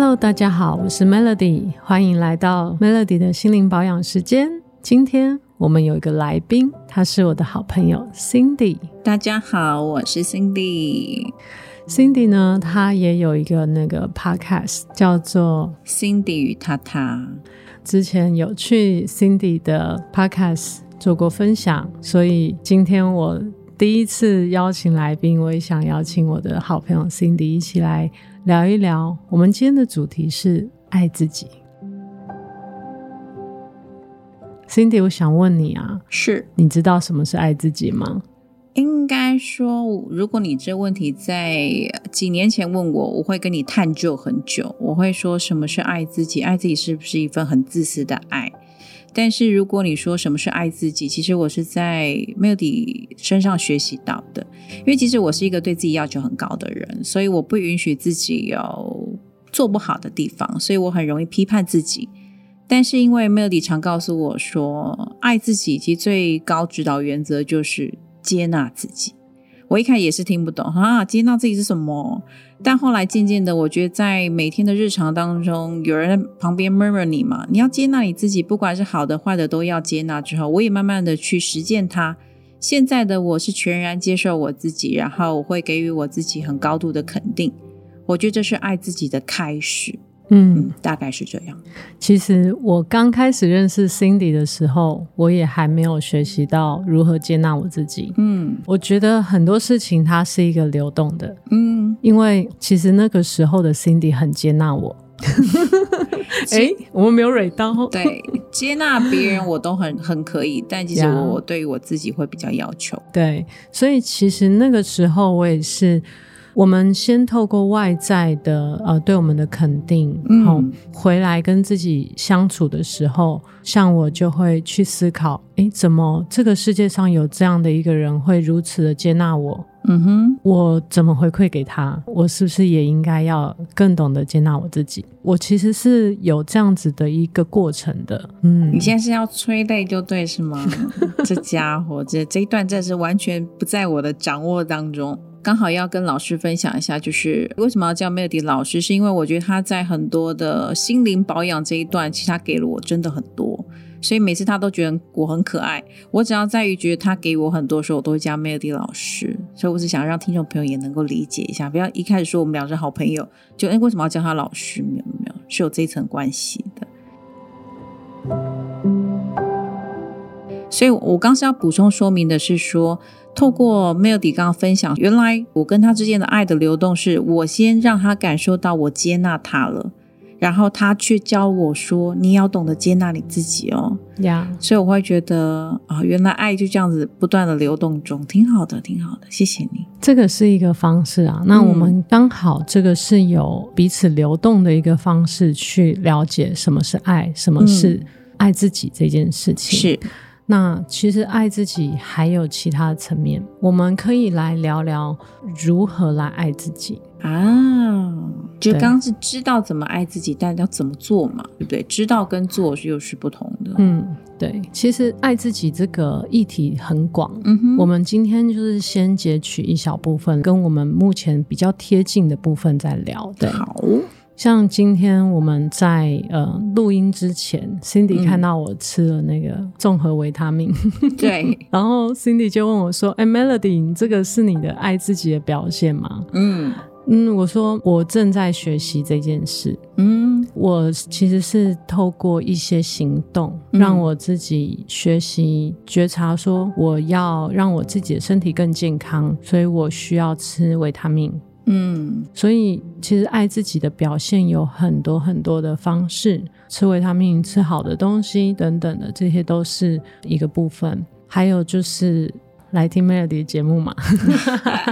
Hello，大家好，我是 Melody，歡迎來到 Melody 的心靈保養時間。今天我們有一個來賓，她是我的好朋友 Cindy。大家好，我是 Cindy。Cindy 呢，她也有一個那個 Podcast 叫做 Cindy 與他他。之前有去 Cindy 的 Podcast 做過分享，所以今天我第一次邀請來賓，我也想邀請我的好朋友 Cindy 一起來。聊一聊，我們今天的主題是愛自己。Cindy，我想問你啊，是你知道什麼是愛自己嗎？應該說，如果你這問題在幾年前問我，我會跟你探究很久。我會說，什麼是愛自己？愛自己是不是一份很自私的愛？但是如果你說什麼是愛自己，其實我是在 Melody 身上學習到的。因為其實我是一個對自己要求很高的人，所以我不允許自己有做不好的地方，所以我很容易批判自己。但是因為 Melody 常告訴我說，愛自己其實最高指導原則就是接納自己。我一開始也是聽不懂，啊，接納自己是什麼？但後來漸漸的，我覺得在每天的日常當中，有人在旁邊 murmur 你嘛，你要接納你自己，不管是好的壞的都要接納。之後，我也慢慢的去實踐它。現在的我是全然接受我自己，然後我會給予我自己很高度的肯定。我覺得這是愛自己的開始。嗯，嗯，大概是這樣。其實我剛開始認識 Cindy 的時候，我也還沒有學習到如何接納我自己。嗯，我覺得很多事情它是一個流動的。嗯，因為其實那個時候的 Cindy 很接納我。哎 實、欸，我們沒有蕊刀。 對，接納別人我都很很可以，但其實我對於我自己會比較要求。樣對，所以其實那個時候我也是。我們先透過外在的呃，對我們的肯定，嗯，然後回來跟自己相處的時候，像我就會去思考，哎，怎麼這個世界上有這樣的一個人會如此的接納我？嗯哼，我怎麼回饋給他？我是不是也應該要更懂得接納我自己？我其實是有這樣子的一個過程的。嗯，你現在是要催淚就對是嗎？ 這家伙，這這一段真的是完全不在我的掌握當中。剛好要跟老師分享一下，就是為什麼要叫 Melody 老師，是因為我覺得他在很多的心靈保養這一段，其實他給了我真的很多，所以每次他都覺得我很可愛。我只要在於覺得他給我很多的時候，我都會叫 Melody 老師。所以，我只想要讓聽眾朋友也能夠理解一下，不要一開始說我們兩是好朋友，就哎、欸、為什麼要叫他老師？沒有沒有，是有這層關係的。所以我剛是要補充說明的是說，透過 Melody 剛剛分享，原來我跟他之間的愛的流動，是我先讓他感受到我接納他了，然後他卻教我說：“你要懂得接納你自己哦。”呀，所以我會覺得啊、哦，原來愛就這樣子不斷的流動中，挺好的，挺好的。謝謝你，這個是一個方式啊。那我們剛好這個是有彼此流動的一個方式，去了解什麼是愛，什麼是愛自己這件事情、嗯、是。那其實愛自己還有其他的層面，我們可以來聊聊如何來愛自己啊。就剛剛是知道怎麼愛自己，但要怎麼做嘛，對不對？知道跟做又是不同的。嗯，對。其實愛自己這個議題很廣，嗯哼。我們今天就是先截取一小部分，跟我們目前比較貼近的部分再聊。對，好。像今天我們在呃錄音之前，Cindy 看到我吃了那個綜合維他命，嗯、 對，然後 Cindy 就問我說：“誒、欸、Melody 這個是你的愛自己的表現嗎？”嗯嗯，我說我正在學習這件事。嗯，我其實是透過一些行動，嗯、讓我自己學習覺察，說我要讓我自己的身體更健康，所以我需要吃維他命。嗯，所以其實愛自己的表現有很多很多的方式，吃維他命、吃好的東西等等的，這些都是一個部分。還有就是來聽 Melody 的節目嘛，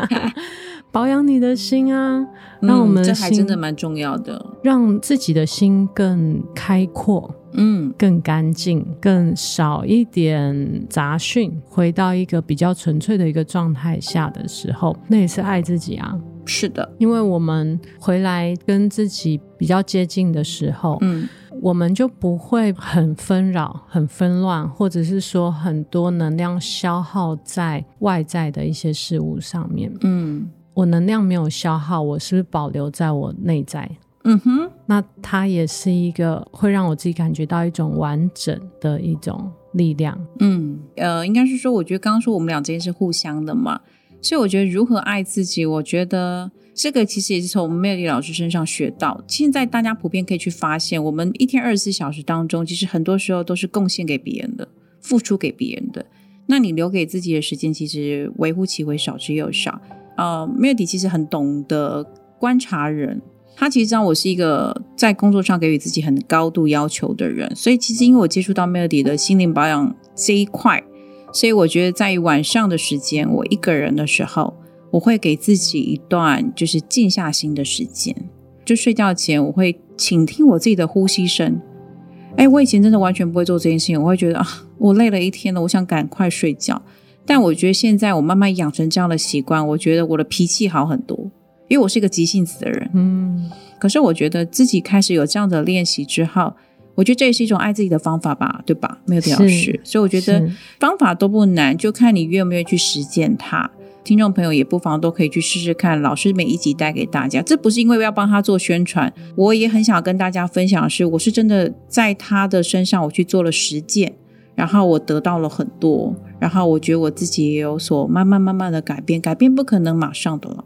保養你的心啊，那、嗯、我們這還真的蠻重要的，讓自己的心更開闊，嗯，更乾淨，更少一點雜訊，回到一個比較純粹的一個狀態下的時候，那也是愛自己啊。是的，因為我們回來跟自己比較接近的時候，嗯，我們就不會很紛擾、很紛亂，或者是說很多能量消耗在外在的一些事物上面。嗯，我能量沒有消耗，我是不是保留在我內在？嗯哼，那它也是一個會讓我自己感覺到一種完整的一種力量。嗯，呃，應該是說，我覺得剛剛說我們倆之間是互相的嘛。所以我覺得如何愛自己，我覺得這個其實也是從 Melody 老師身上學到。現在大家普遍可以去發現，我們一天二十四小時當中，其實很多時候都是貢獻給別人的，付出給別人的。那你留給自己的時間，其實微乎其微，少之又少。呃，Melody 其實很懂得觀察人，他其實知道我是一個在工作上給予自己很高度要求的人，所以其實因為我接觸到 Melody 的心靈保養這一塊。所以我覺得，在於晚上的時間，我一個人的時候，我會給自己一段就是靜下心的時間。就睡覺前，我會傾聽我自己的呼吸聲。哎，我以前真的完全不會做這件事情，我會覺得啊，我累了一天了，我想趕快睡覺。但我覺得現在我慢慢養成這樣的習慣，我覺得我的脾氣好很多，因為我是一個急性子的人。嗯，可是我覺得自己開始有這樣的練習之後。我覺得這也是一種愛自己的方法吧，對吧？沒有表示。是所以我覺得方法都不難，是就看你願不願意去實踐它。聽眾朋友也不妨都可以去試試看。老師每一集帶給大家，這不是因為要幫他做宣傳，我也很想跟大家分享的是，我是真的在他的身上我去做了實踐，然後我得到了很多，然後我覺得我自己也有所慢慢慢慢的改變。改變不可能馬上的了。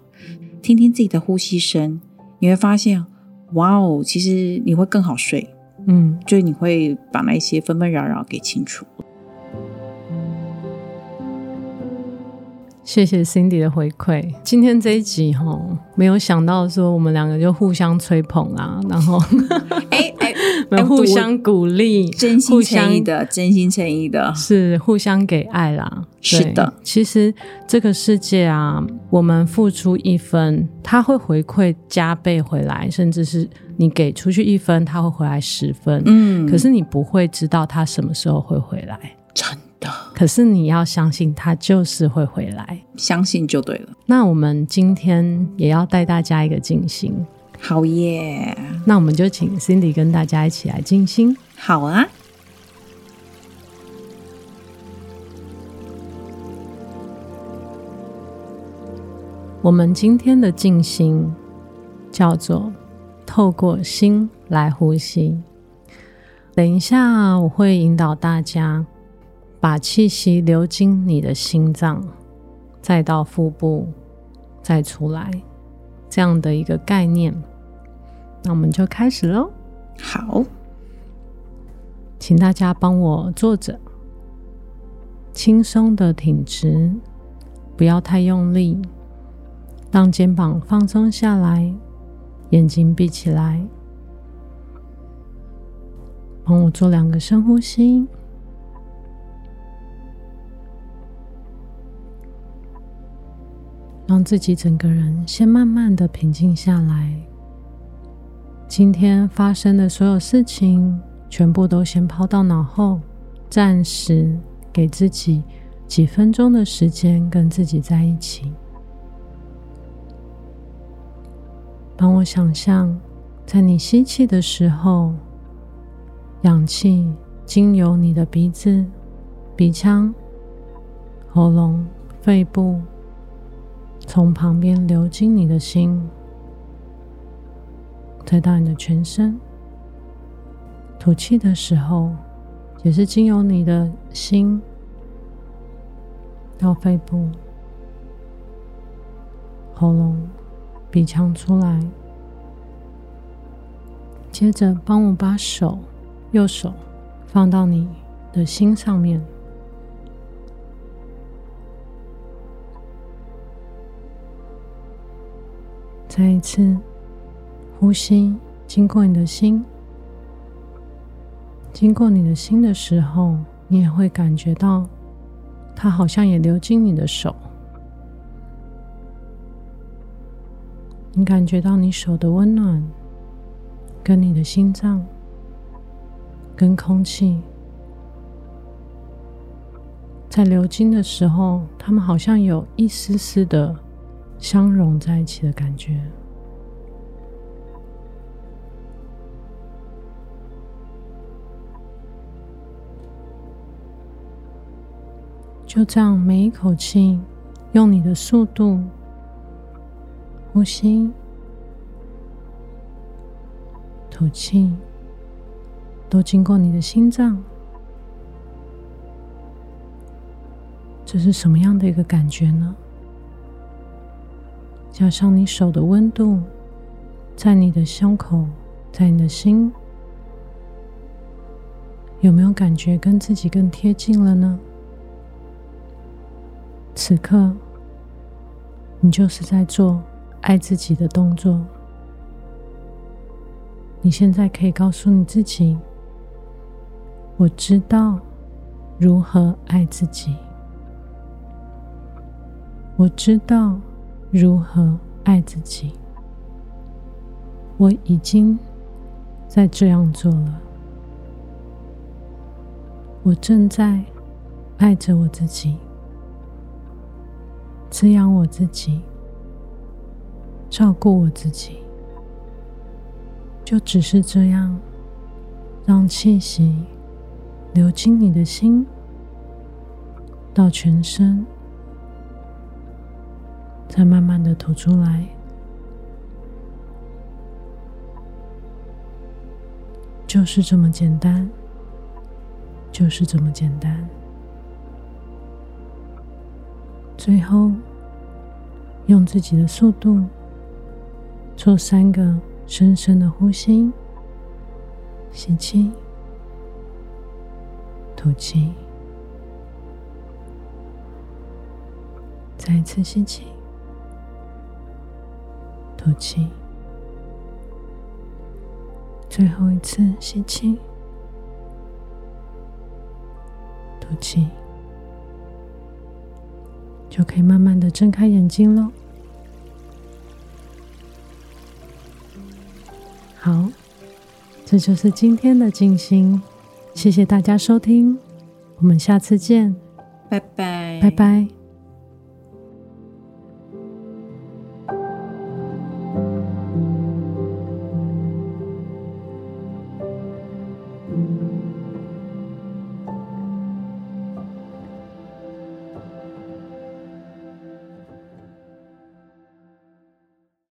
聽聽自己的呼吸聲，你會發現，哇哦，其實你會更好睡。嗯，就你會把那些紛紛擾擾給清除。謝謝 Cindy 的回饋。今天這一集哈，沒有想到說我們兩個就互相吹捧啊，然後、 欸，互相鼓勵，真心誠意的，互相，真心誠意的，是互相給愛啦。是的，其實這個世界啊，我們付出一分，它會回饋加倍回來，甚至是你給出去一分，它會回來十分。嗯，可是你不會知道它什麼時候會回來，真的。可是你要相信，它就是會回來，相信就對了。那我們今天也要帶大家一個靜心。好耶！那我們就請 Cindy 跟大家一起來靜心。好啊。我們今天的靜心叫做透過心來呼吸。等一下，我會引導大家把氣息流經你的心臟，再到腹部，再出來，這樣的一個概念。那我們就開始嘍。好，請大家幫我坐着，輕鬆的挺直，不要太用力，讓肩膀放鬆下來，眼睛閉起來，幫我做兩個深呼吸，讓自己整個人先慢慢的平靜下來。今天發生的所有事情，全部都先拋到腦後，暫時給自己幾分鐘的時間跟自己在一起。當我想象，在你吸氣的時候，氧氣經由你的鼻子、鼻腔、喉嚨、肺部，從旁邊流進你的心。再到你的全身，吐氣的時候也是經由你的心到肺部、喉嚨、鼻腔出來。接着，幫我把手右手放到你的心上面，再一次。呼吸經過你的心，經過你的心的時候，你也會感覺到它好像也流進你的手。你感覺到你手的溫暖，跟你的心臟、跟空氣在流經的時候，它們好像有一絲絲的相融在一起的感覺。就這樣，每一口氣，用你的速度呼吸、吐氣，都經過你的心臟。這是什麼樣的一個感覺呢？加上你手的溫度，在你的胸口，在你的心，有沒有感覺跟自己更貼近了呢？此刻，你就是在做愛自己的動作。你現在可以告訴你自己：“我知道如何愛自己，我知道如何愛自己，我已經在這樣做了，我正在愛着我自己。”滋養我自己，照顧我自己，就只是這樣，讓氣息流進你的心，到全身，再慢慢的吐出來，就是這麼簡單，就是這麼簡單。最後，用自己的速度做三個深深的呼吸：吸氣，吐氣；再一次吸氣，吐氣；最後一次吸氣，吐氣。就可以慢慢的睜開眼睛嘍。好，這就是今天的靜心，謝謝大家收聽，我們下次見，拜拜，拜拜。